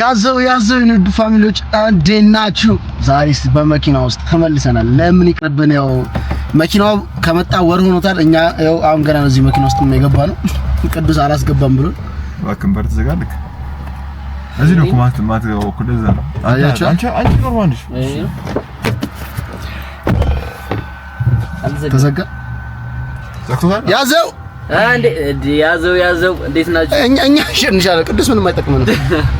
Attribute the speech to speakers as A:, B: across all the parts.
A: ያዘው ያዘው የንዱ ፋሚሊዎች እንዴት ናችሁ? ዛሬስ በመኪና ውስጥ ተመልሰናል። ለምን ይቅርብን፣ ያው መኪናው ከመጣ ወር ሆኖታል። እኛ ያው አሁን ገና ነው እዚህ መኪና ውስጥ ነው የገባ ነው። ቅዱስ አላስገባም ብሎ
B: እባክህን በር ትዘጋለህ። እዚህ ነው ኮማት ማት ነው ለዛ ነው። አያችሁ አንቺ አንቺ ኖርማል ነሽ። ተዘጋ። ዘግቶታል።
A: ያዘው
C: ያዘው ያዘው። እንዴት ናችሁ?
A: እኛ እኛ እንሸንሻለን። ቅዱስ ምንም አይጠቅመንም።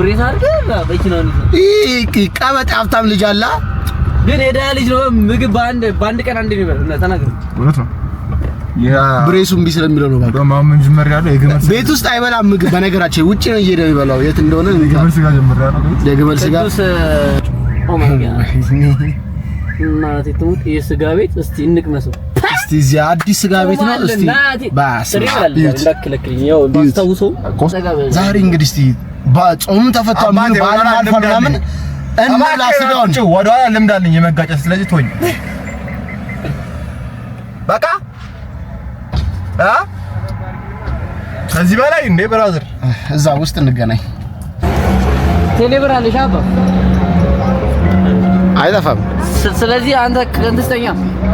C: ብሬት አድርገህ መኪናውን
A: ይዘህ ቀበጥ ሀብታም ልጅ አለ
C: ግን የዳ ልጅ ነው። ምግብ በአንድ በአንድ ቀን አንድ እና ተናገር።
B: እውነት ነው።
A: ብሬሱ እምቢ ስለሚለው ነው
B: ማለት ነው።
A: ቤት ውስጥ አይበላም ምግብ። በነገራችን ውጪ ነው እየሄደ የሚበላው የት እንደሆነ
B: የግመል ስጋ ያለው
A: የግመል ስጋ
C: እናቴ ትሙት ቤት እስቲ እንቅመሰው።
A: እስቲ እዚህ አዲስ ስጋ ቤት ነው። እስቲ ባስ ዛሬ እንግዲህ እስቲ ጾሙ ተፈታ ምን ባል አልፈ ምናምን እና ላስደውን ወደኋላ ልምድ አለኝ የመጋጨት ስለዚህ ቶኝ በቃ አ ከዚህ በላይ እንዴ ብራዘር እዛ ውስጥ እንገናኝ።
C: ቴሌብር አለሽ አባ አይጠፋም። ስለዚህ አንተ ከንተስተኛ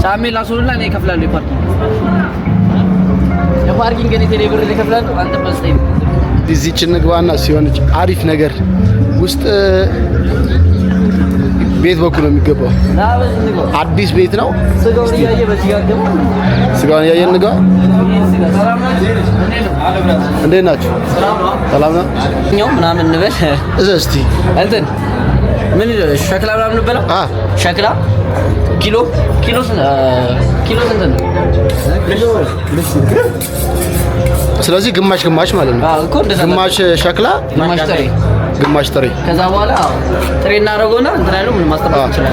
C: ጫሜ ላስወልና እኔ እከፍላለሁ። የፓርኪንግ የፓርኪንግ እኔ ቴሌብር እከፍላለሁ። አንተ በስተኛ
A: እዚች እንግባና ሲሆን አሪፍ ነገር ውስጥ ቤት በኩል ነው የሚገባው። አዲስ ቤት ነው። ስጋውን እያየ እንግባ። እንዴት ናችሁ? ሰላም ነው ምናምን እንበል እስቲ
C: እንትን ምን ሸክላ ምናምን አ ሸክላ ኪሎ ኪሎ ኪሎ ስንት ነው?
A: ስለዚህ ግማሽ ግማሽ ማለት ነው። ግማሽ ሸክላ፣ ግማሽ ጥሬ፣ ግማሽ ጥሬ።
C: ከዛ በኋላ ጥሬ እናደርገውና እንትና ነው ምን ማስተባበቅ ይችላል።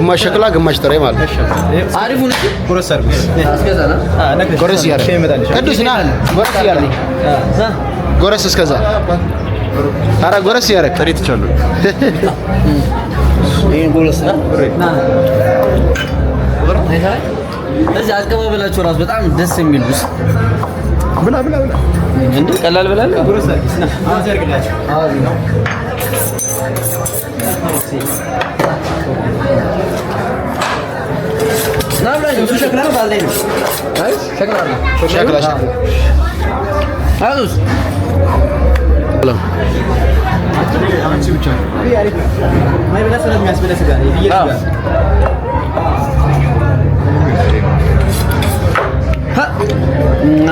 A: ግማሽ ሸክላ፣ ግማሽ ጥሬ ማለት ነው።
C: አሪፍ ነው። ጎረስ ሰርቪስ አስገዛና
A: ጎረስ ያለ ቅዱስ ና ጎረስ ያለ ጎረስ እስከዛ ኧረ ጎረስ ያረግ ጥሬ
B: ትቻለሁ።
C: ይሄን ጎረስ ና እዚህ አቀባበላችሁ ራሱ በጣም ደስ የሚል ውስጥ ብላ ብላ ብላ እንዴ ቀላል ብላ ነው።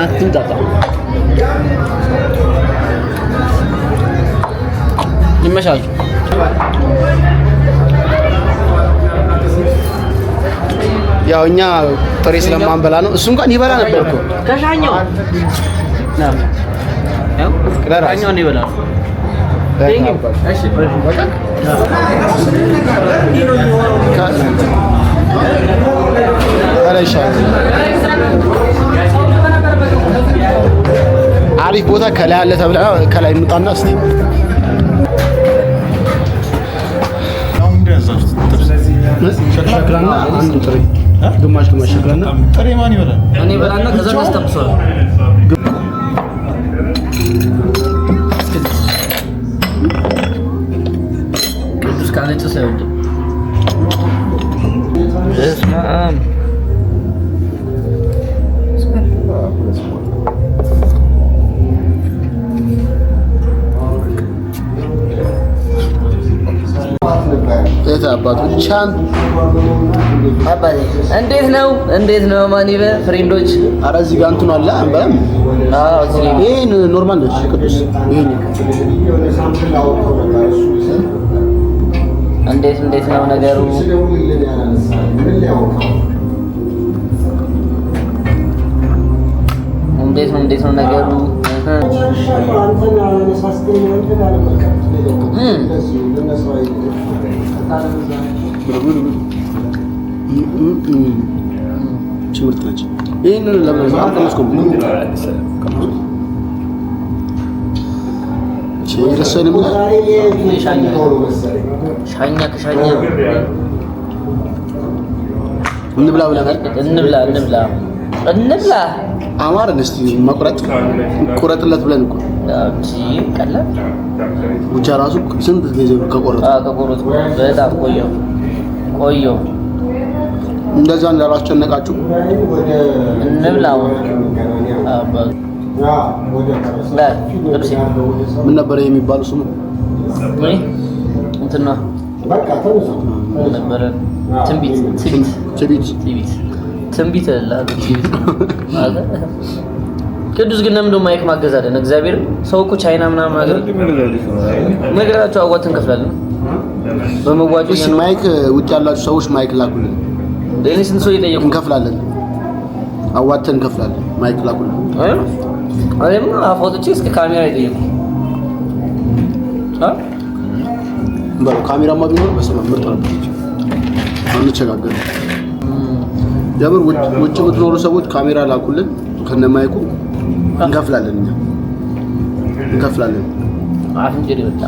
C: አትምጣጣ። ይመሻችሁ።
A: ያው እኛ ጥሬ ስለማንበላ ነው። እሱ እንኳን ይበላ ነበር እኮ
C: ከሻኛው ነው
A: አሪፍ ቦታ ከላይ አለ ተብለ ከላይ እንውጣና እስቲ ሸክላና አንድ ጥሬ ግማሽ ግማሽ ሸክላና
B: ጥሬ ማን ይበላል?
C: እኔ በላና ከዛ ማስተብሷል ቻን አባቴ እንዴት ነው? እንዴት ነው? ማን ይበ ፍሬንዶች።
A: አረ እዚህ ጋር እንትኑ አለ አንበላም። አዎ እዚህ ይሄን ኖርማል ነው። ቅዱስ ይሄን
C: እንዴት እንዴት ነው ነገሩ? እንዴት ነው እንዴት ነው ነገሩ? እህ
A: ትምህርት ናቸው። ይህንን
C: ሻኛ ከሻኛ እንብላ ብለናል። እንብላ እንብላ እንብላ
A: አማረን። እስቲ መቁረጥ ቁረጥለት ብለን እኮ ቀላል ብቻ ራሱ ስንት ጊዜ ከቆረጥ
C: ከቆረጥ በጣም ቆየው። ቆዩ።
A: እንደዛ እንዳሏቸው አስጨነቃችሁ። እንብላው ምን ነበረ የሚባሉ ስሙ
C: እንትና ነበረ ትንቢት ትንቢት ትንቢት ቅዱስ ግን ለምንድን ማይክ ማገዝ አለን? እግዚአብሔር ሰው እኮ ቻይና ምናምን ነገር ነገራቸው አዋት እንከፍላለን
A: በመዋጮ ስን ማይክ ውጭ ያላችሁ ሰዎች ማይክ ላኩልን።
C: ለእኔ ስንት ሰው እየጠየቁ
A: እንከፍላለን፣ አዋተን እንከፍላለን። ማይክ ላኩልን።
C: እኔም አፎቶቼ እስከ ካሜራ አ የጠየቁ
A: ካሜራማ ቢኖር በስመ አብ ምርጥ ነበር። አንቸጋገር የምር ውጭ የምትኖሩ ሰዎች ካሜራ ላኩልን፣ ከነ ማይኩ እንከፍላለን፣ እኛ እንከፍላለን።
C: አፍንጭ ይወጣ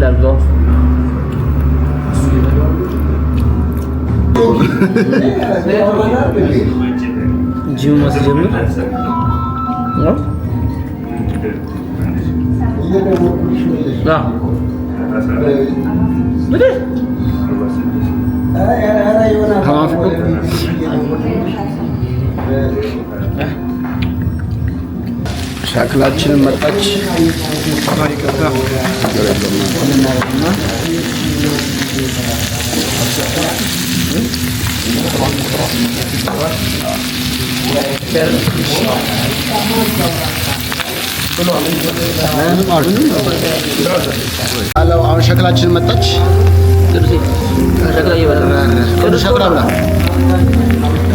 C: Hitler gosta. June was June. No? No. Really? How
A: often? ሸክላችንን መጣች አሁን ሸክላችንን መጣች።
C: ቅዱስ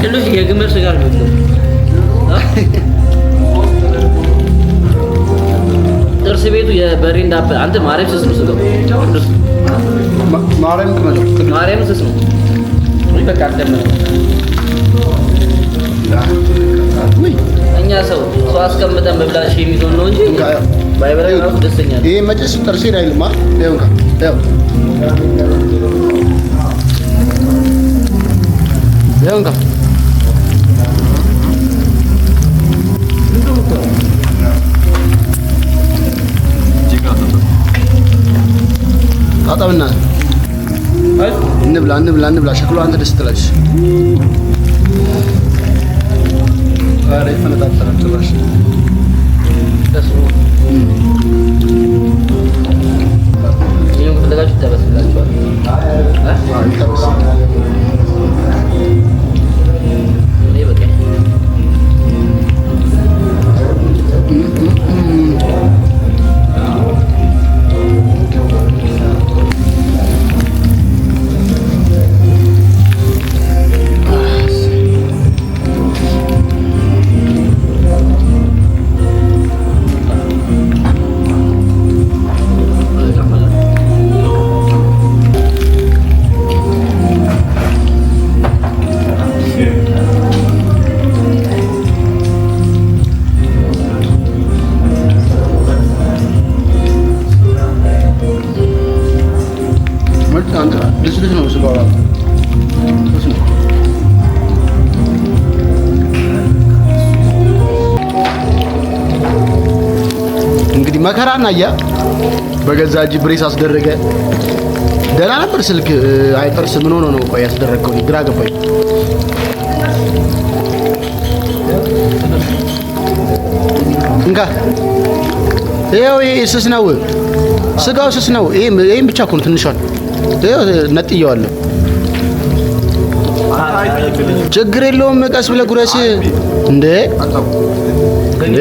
C: ቅዱስ የግመል ስጋ በየመስሪያ ቤቱ የበሬ እንዳበ አንተ ማርያም ስስ ነው ስለው ማርያም ስስ ነው። በቃ እኛ ሰው ሰው አስቀምጠን መብላሽ የሚሆን ነው እንጂ ባይበላ ራሱ ደስተኛ ነው።
A: ይሄ መቼስ ጥርሴን አይልማ ይኸው እንካ ታጠብና እንብላ እንብላ እንብላ። ሸክሎ አንተ ደስ ትላለች።
B: ኧረ የተነጣጠረ ጭራሽ
A: እንግዲህ መከራና ያ በገዛ እጅ ብሬስ አስደረገ። ደህና ነበር ስልክ አይጠርስ ምን ሆኖ ነው ቆይ ያስደረገው? ግራ ገባኝ። እንካ ይኸው፣ ይሄ ስስ ነው፣ ስጋው ስስ ነው። ይሄን ብቻ እኮ ነው ትንሿን፣ ይኸው ነጥየዋለሁ። ችግር የለውም ቀስ ብለህ ጉረስ። እንዴ እንዴ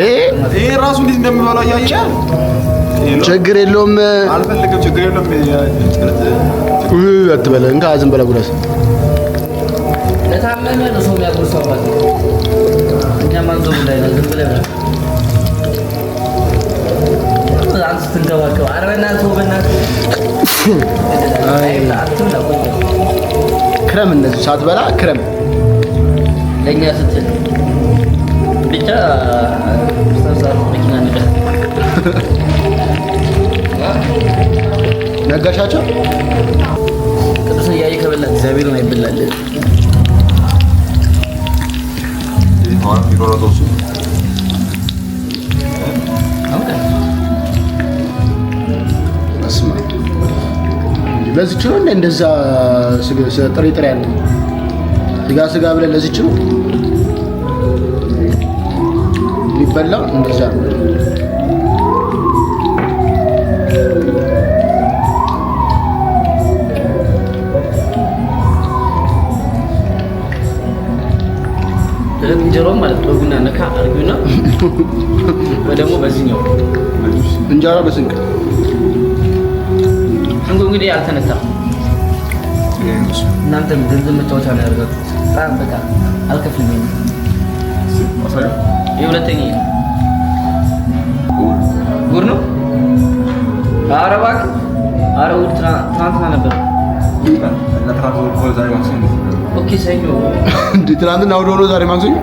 B: ይሄ ራሱ እንዴት እንደሚባለው ያያያል።
A: ችግር የለውም አልፈልግም፣ ችግር የለውም አትበለ እንካ ዝም በለ ጉረስ።
C: ለታመመ ነው ሰው ማለት ነው። ላይ ነው ዝም ብለህ
A: አንተ ክረም፣ እነዚህ ሳትበላ ክረም
C: ለእኛ ስትል ብቻ ሰብሰብ መኪና ንቀ ነጋሻቸው ቅዱስ እያየ ከበላ እግዚአብሔር ነው ይበላል።
A: ለዚች ነው እንደዛ ጥሬ ጥሬ ያለ ስጋ ስጋ ብለን ለዚች ነው የሚበላው እንደዛ ነው።
C: እንጀሮ ማለት በቡና ነካ አርጉና ወደሞ ደግሞ በዚህኛው እንጀራ በስንቅ እንጎ እንግዲህ አልተነታ እናንተም ገንዘብ መጫወቻ ነው ያደርጋችሁት። በጣም በቃ አልከፍልም የሁለተኛ ጉድ ነው። ኧረ እባክህ ኧረ እሑድ ትናንትና ነበር። ኦኬ ሰኞ
A: እንደ ትናንትና እሑድ ሆኖ ዛሬ ማክሰኞ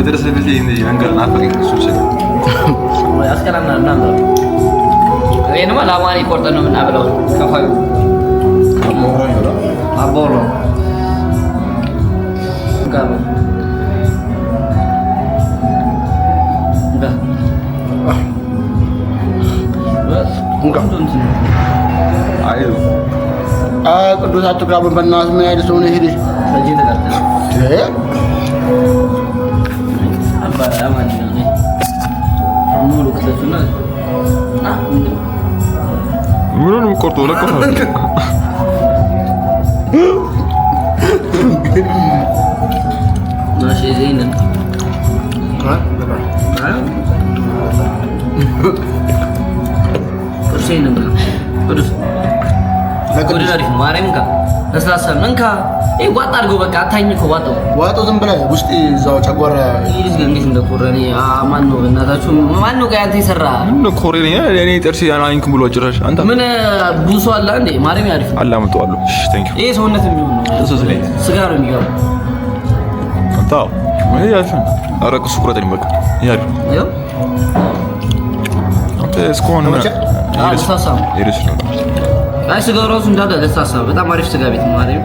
B: poter ini di Indy, vengo a Napoli, che succede?
C: Ma la scala non andando. Perché non me la mani porta non me la fai? A bolo. Gabo.
A: Da. Enggak. Ayo. Ah, kedua satu kerabat bernas menaik di sini.
C: Saya cinta kata. Cinta eh? ya? በአማርኛ ነው ሙሉ ከተፈና አ
B: ምኑን ቆርጦ ለቀፋ
C: ማሽ ዘይነ ቁርሴን ነበር ቁርስ ለቁርስ አሪፍ ማርያም ጋ ለስላሳ እንካ ይሄ ጓጥ በቃ አታኝም እኮ ዋጠው
A: ዋጠው ዝም ብለህ ውስጥ እዛው ጨጓራ
C: ይልዝ ነው።
A: ብሎ ጭራሽ አንተ
C: ምን ቡሶ አለ እንዴ ማርያም ያሪፍ
B: አላምጣው። እሺ ቴንክ ዩ።
C: ይሄ ሰውነት የሚሆን ነው ስጋ ነው የሚገባ
B: ታው ምን ያልሽ አረቅሱ ቁረጠኝ
C: ስጋ ራሱ እንዳለ ለሳሳ በጣም አሪፍ ስጋ ቤት ማርያም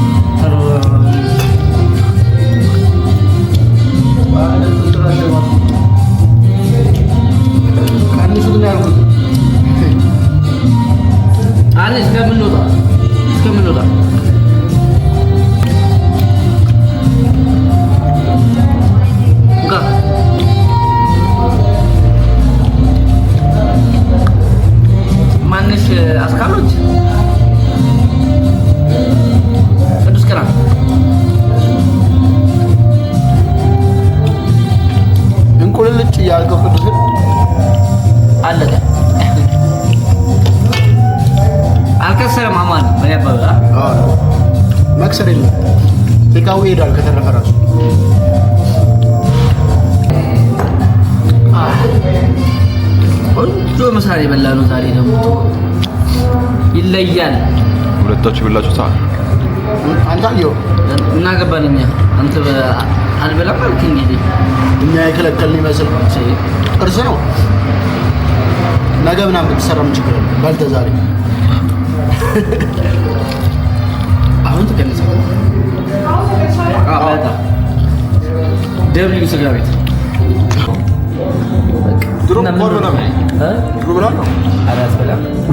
A: ያልከው ሁሉ ግን
C: አለቀ። አልከሰረም። አማን በያባባ
A: መክሰር የለም። እቃው ይሄዳል ከተረፈ ራሱ
C: ቆንጆ ምሳሌ በላ ነው። ዛሬ ደግሞ ይለያል።
B: ሁለታችሁ ይበላችሁ ሰዓት
C: እናገባን እኛ አንተ አልበላም አልክ። እንግዲህ
A: እኛ የከለከልን ይመስል ጥርስ ነው። ነገ ምናምን ብትሰራ ምን ችግር አለው? ዛሬ
C: አሁን ትቀንሳለህ። ደብሊው ስጋ ቤት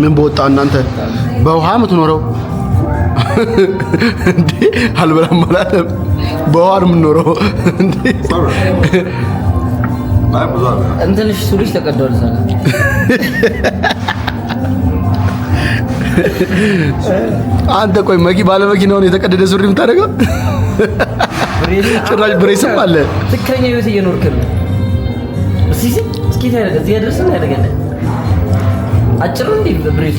A: ምን በወጣ እናንተ በውሃ የምትኖረው እንዴ አልበላም አላለም። በውሃ ነው የምኖረው አንተ ቆይ መኪ የተቀደደ ሱሪ የምታደርገው ጭራሽ ብሬስም አለ።
C: ትክክለኛ ህይወት እየኖርክ ነው። እስኪ እዚህ ያደርሰን አጭሩ እንዲ ብሬሱ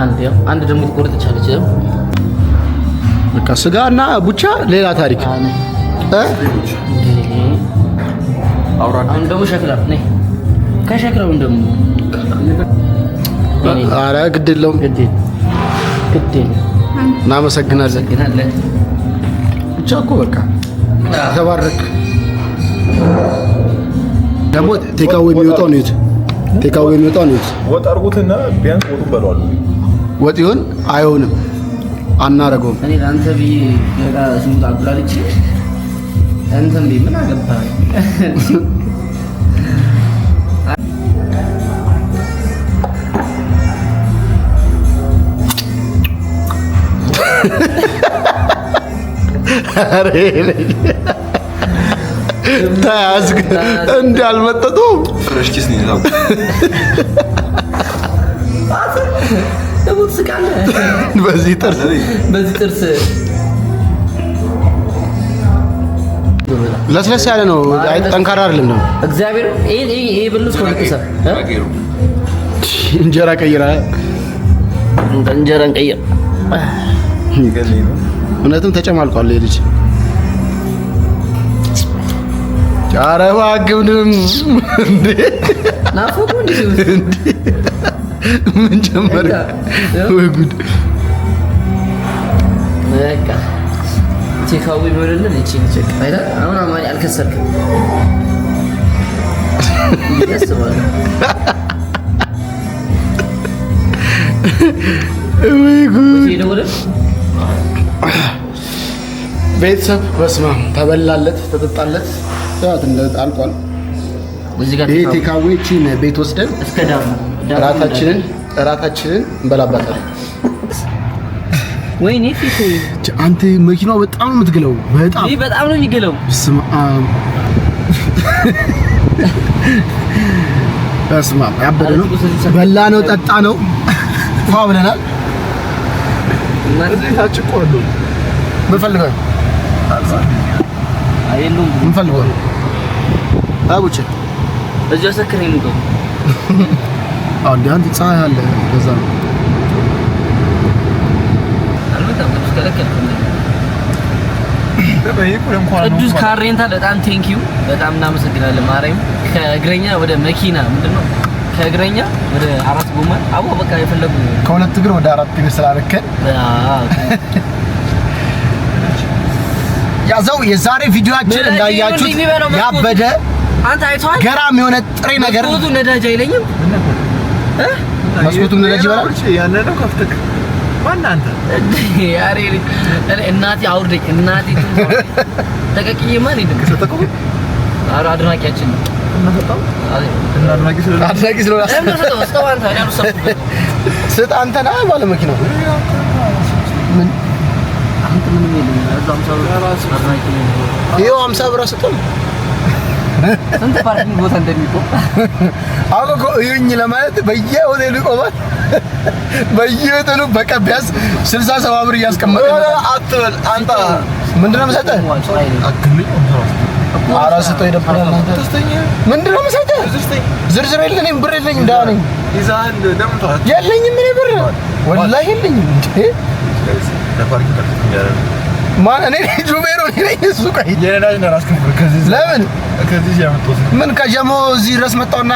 C: አንድ ያው አንድ ደግሞ ትቆርጥቻለች።
A: በቃ ስጋ እና ቡቻ ሌላ ታሪክ።
C: አሁን ደግሞ ሸክላ ነይ፣ ከሸክላው ደግሞ
A: ኧረ ግድ ብቻ እኮ በቃ ተባረክ። ደግሞ ቴካዌ የሚወጣው ነው ቴካዌ የሚወጣው ነው
B: ወጥ አድርጉትና ቢያንስ በለዋል
A: ወጥ ይሁን አይሆንም አናረገውም።
C: እኔ ለአንተ ብዬ ምን አገባ
A: ታያዝግ እንዳልመጠጡ
C: ደግሞ ትስቃለህ። በዚህ ጥርስ በዚህ ጥርስ
A: ለስለስ ያለ ነው፣ ጠንካራ አይደለም። ነው
C: እግዚአብሔር ይሄ ብልስ ኮልክሰ
A: እንጀራ ቀይራ
C: እንጀራን ቀይር።
A: እውነትም ተጨማልቋል ልጅ። ኧረ እባክህ ምንም
C: እንዴ ናፎቁ እንዴ
A: ምን ጨመረ? ወይ ጉድ!
C: በቃ ቴካዊ ይሆንልን። እቺን ልጅ አይደል? አሁን አማን አልከሰርክም
A: ወይ ጉድ! ቤተሰብ በስማ ተበላለት፣ ተጠጣለት።
B: ያት እንደ አልቋል።
A: እዚህ ጋር ቴካዊ እቺን ቤት ወስደን እስከ ዳር
B: እራታችንን እራታችንን እንበላበታለን።
C: ወይኔ ፊት
A: አንተ መኪናው በጣም የምትግለው በጣም
C: በጣም ነው
A: ስማ ያበደ ነው። በላ ነው ጠጣ ነው ፋ ብለናል። አንድ አንድ ፀሐይ አለ። በዛ ነው
C: ቅዱስ ካሬንታል። በጣም ቴንክ ዩ በጣም እናመሰግናለን። ማርያም ከእግረኛ ወደ መኪና ምንድን ነው ከእግረኛ ወደ አራት ጎማ አቦ በቃ የፈለጉ
A: ከሁለት እግር ወደ አራት እግር ስላረከን ያዘው የዛሬ ቪዲዮአችን እንዳያችሁት ያበደ አንተ አይቷል ገራም የሆነ ጥሬ ነገር
C: ነዳጅ አይለኝም።
A: መስኮቱም ነዳጅ ይበላል። ያንን ነው ከፍተህ አንተ?
C: እናቴ አውርደኝ፣ እናቴ ተቀቅዬማ አልሄድም። ኧረ አድናቂያችን
B: አድናቂ
A: ስጥ አንተ ባለ መኪናው ምን አንተ ምን የለም። ይኸው ብር
C: ስንት ፓርኪንግ ቦታ እንደሚቆም
A: አሁን እኮ እዩኝ ለማለት በየሆቴሉ ይቆማል። በየሆቴሉ በቃ ቢያንስ ስልሳ ሰባ ብር እያስቀመጠ አትበል አንተ። ምንድን ነው የምሰጠህ? ኧረ ስጠው ይደብራል። ምንድን ነው የምሰጠህ? ዝርዝር የለኝም፣ ብር የለኝም፣ ደህና ነኝ። የለኝም እኔ ብር ወላሂ የለኝም። እኔ ጁቤሮ ነኝ።
B: እሱ ቆይ የነዳጅ ነው ራስ ክፍል
A: ከዚህ ለምን ከዚህ ያመጣሁት ምን ከጀሞ እዚህ ድረስ መጣውና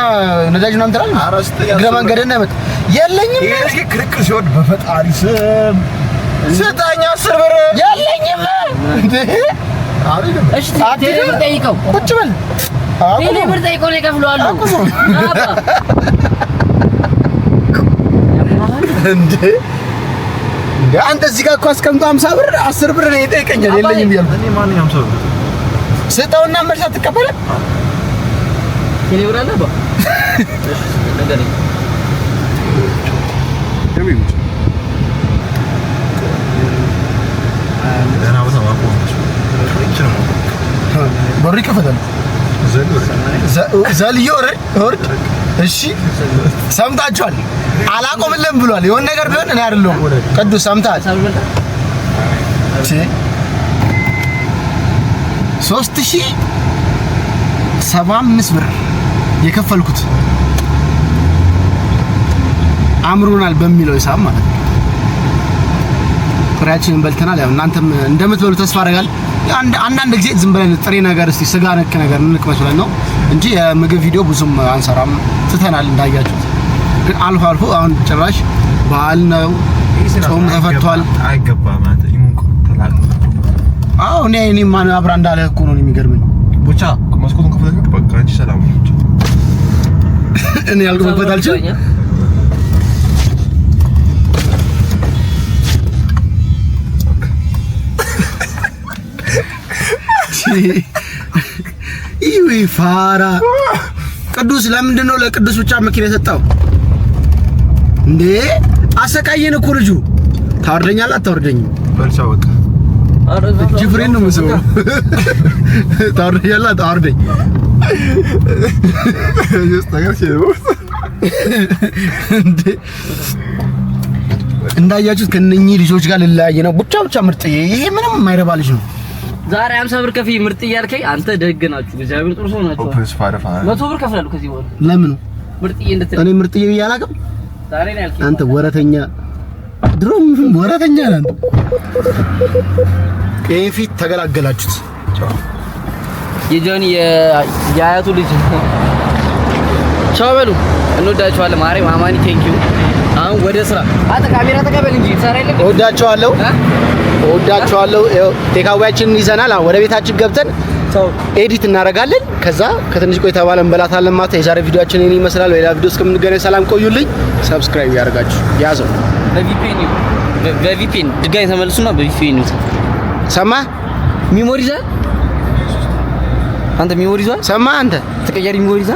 A: ነዳጅ ነው እንትራል እግረ መንገድን ነው ያመጣው። የለኝም
B: እስኪ ክርክር ሲወድ በፈጣሪ ስም
A: ስጠኝ አስር ብር የለኝም።
C: እሺ ቴሌብር ጠይቀው ቁጭ በል ቴሌብር ጠይቀው ነው ይከፍለዋል።
A: እንዴ አንተ እዚህ ጋር እኮ አስቀምጦ 50 ብር አስር ብር ነው ይጠይቀኛል። የለኝም እያልኩ እኔ ማን 50 ብር ስጠውና መልስ አትቀበለም። በሩ ይከፈታል። ዘልዮ እሺ፣ ሰምታችኋል አላቆምልም ብሏል። የሆነ ነገር ቢሆን እኔ አይደለሁም ቅዱስ ሰምታል ሶስት ሺህ ሰባ አምስት ብር የከፈልኩት አምሮናል በሚለው ሂሳብ ማለት ነው። ጥሬያችንን በልተናል። ያው እናንተም እንደምትበሉ ተስፋ አደርጋለሁ። አንዳንድ ጊዜ ዝም ብለን ጥሬ ነገር እስቲ ስጋ ነክ ነገር እንቅመስ ብለን ነው እንጂ የምግብ ቪዲዮ ብዙም አንሰራም፣ ትተናል እንዳያችሁ ግን አልፎ አልፎ አሁን ጭራሽ በዓል ነው፣ ጾም ተፈቷል። አይገባም አዎ እኔ እኔ ማን አብራ እንዳለ እኮ ነው የሚገርመኝ።
B: ቦቻ መስኮቱን ከፈተሽ በቃ አንቺ ሰላም ነች።
A: እኔ ያልገባበት አልችልም። ይህ ፋራ ቅዱስ ለምንድን ነው ለቅዱስ ብቻ መኪና የሰጠው? እንዴ አሰቃየን እኮ ልጁ። ታወርደኛለህ? አታወርደኝም? በልቻ በቃ ጅፍሬን ነው መስሎ። ታወርደኛለህ? አታወርደኝ እንዳያችሁት ከነኚህ ልጆች ጋር ልለያየ ነው። ብቻ ብቻ ምርጥ ይሄ ምንም የማይረባ ልጅ ነው።
C: ዛሬ 50 ብር ከፍዬ ምርጥ እያልከኝ አንተ ደግ ናችሁ፣ እግዚአብሔር ጥሩ ሰው ናችሁ። መቶ ብር ከፍላለሁ ከዚህ
A: በኋላ ለምን ምርጥዬ እንድትል እኔ ምርጥዬ ብዬ አላውቅም። አንተ ወረተኛ፣ ድሮም ወረተኛ ነህ። ፊት ተገላገላችሁት።
C: የጆኒ የአያቱ ልጅ ቻው በሉ። እንወዳችኋለን። ማማኒ ቴንክ ዩ። አሁን ወደ ስራ አጠ ካሜራ ተቀበል እንጂ
A: ሰራ የለም። እወዳችኋለሁ፣ እወዳችኋለሁ። ቴካዋያችንን ይዘናል። አሁን ወደ ቤታችን ገብተን ኤዲት እናደርጋለን። ከዛ ከትንሽ ቆይታ በኋላ እንበላታለን። ማታ የዛሬ ቪዲዮአችን ይህን ይመስላል። ሌላ ቪዲዮ እስከምንገናኝ ሰላም ቆዩልኝ። ሰብስክራይብ ያደርጋችሁ ያዘው።
C: በቪፒኤን ድጋሚ ተመልሱና በቪፒኤን ሰማ ሚሞሪዛ
A: አንተ ሚሞሪዛ ሰማ አንተ
C: ተቀያሪ ሚሞሪዛ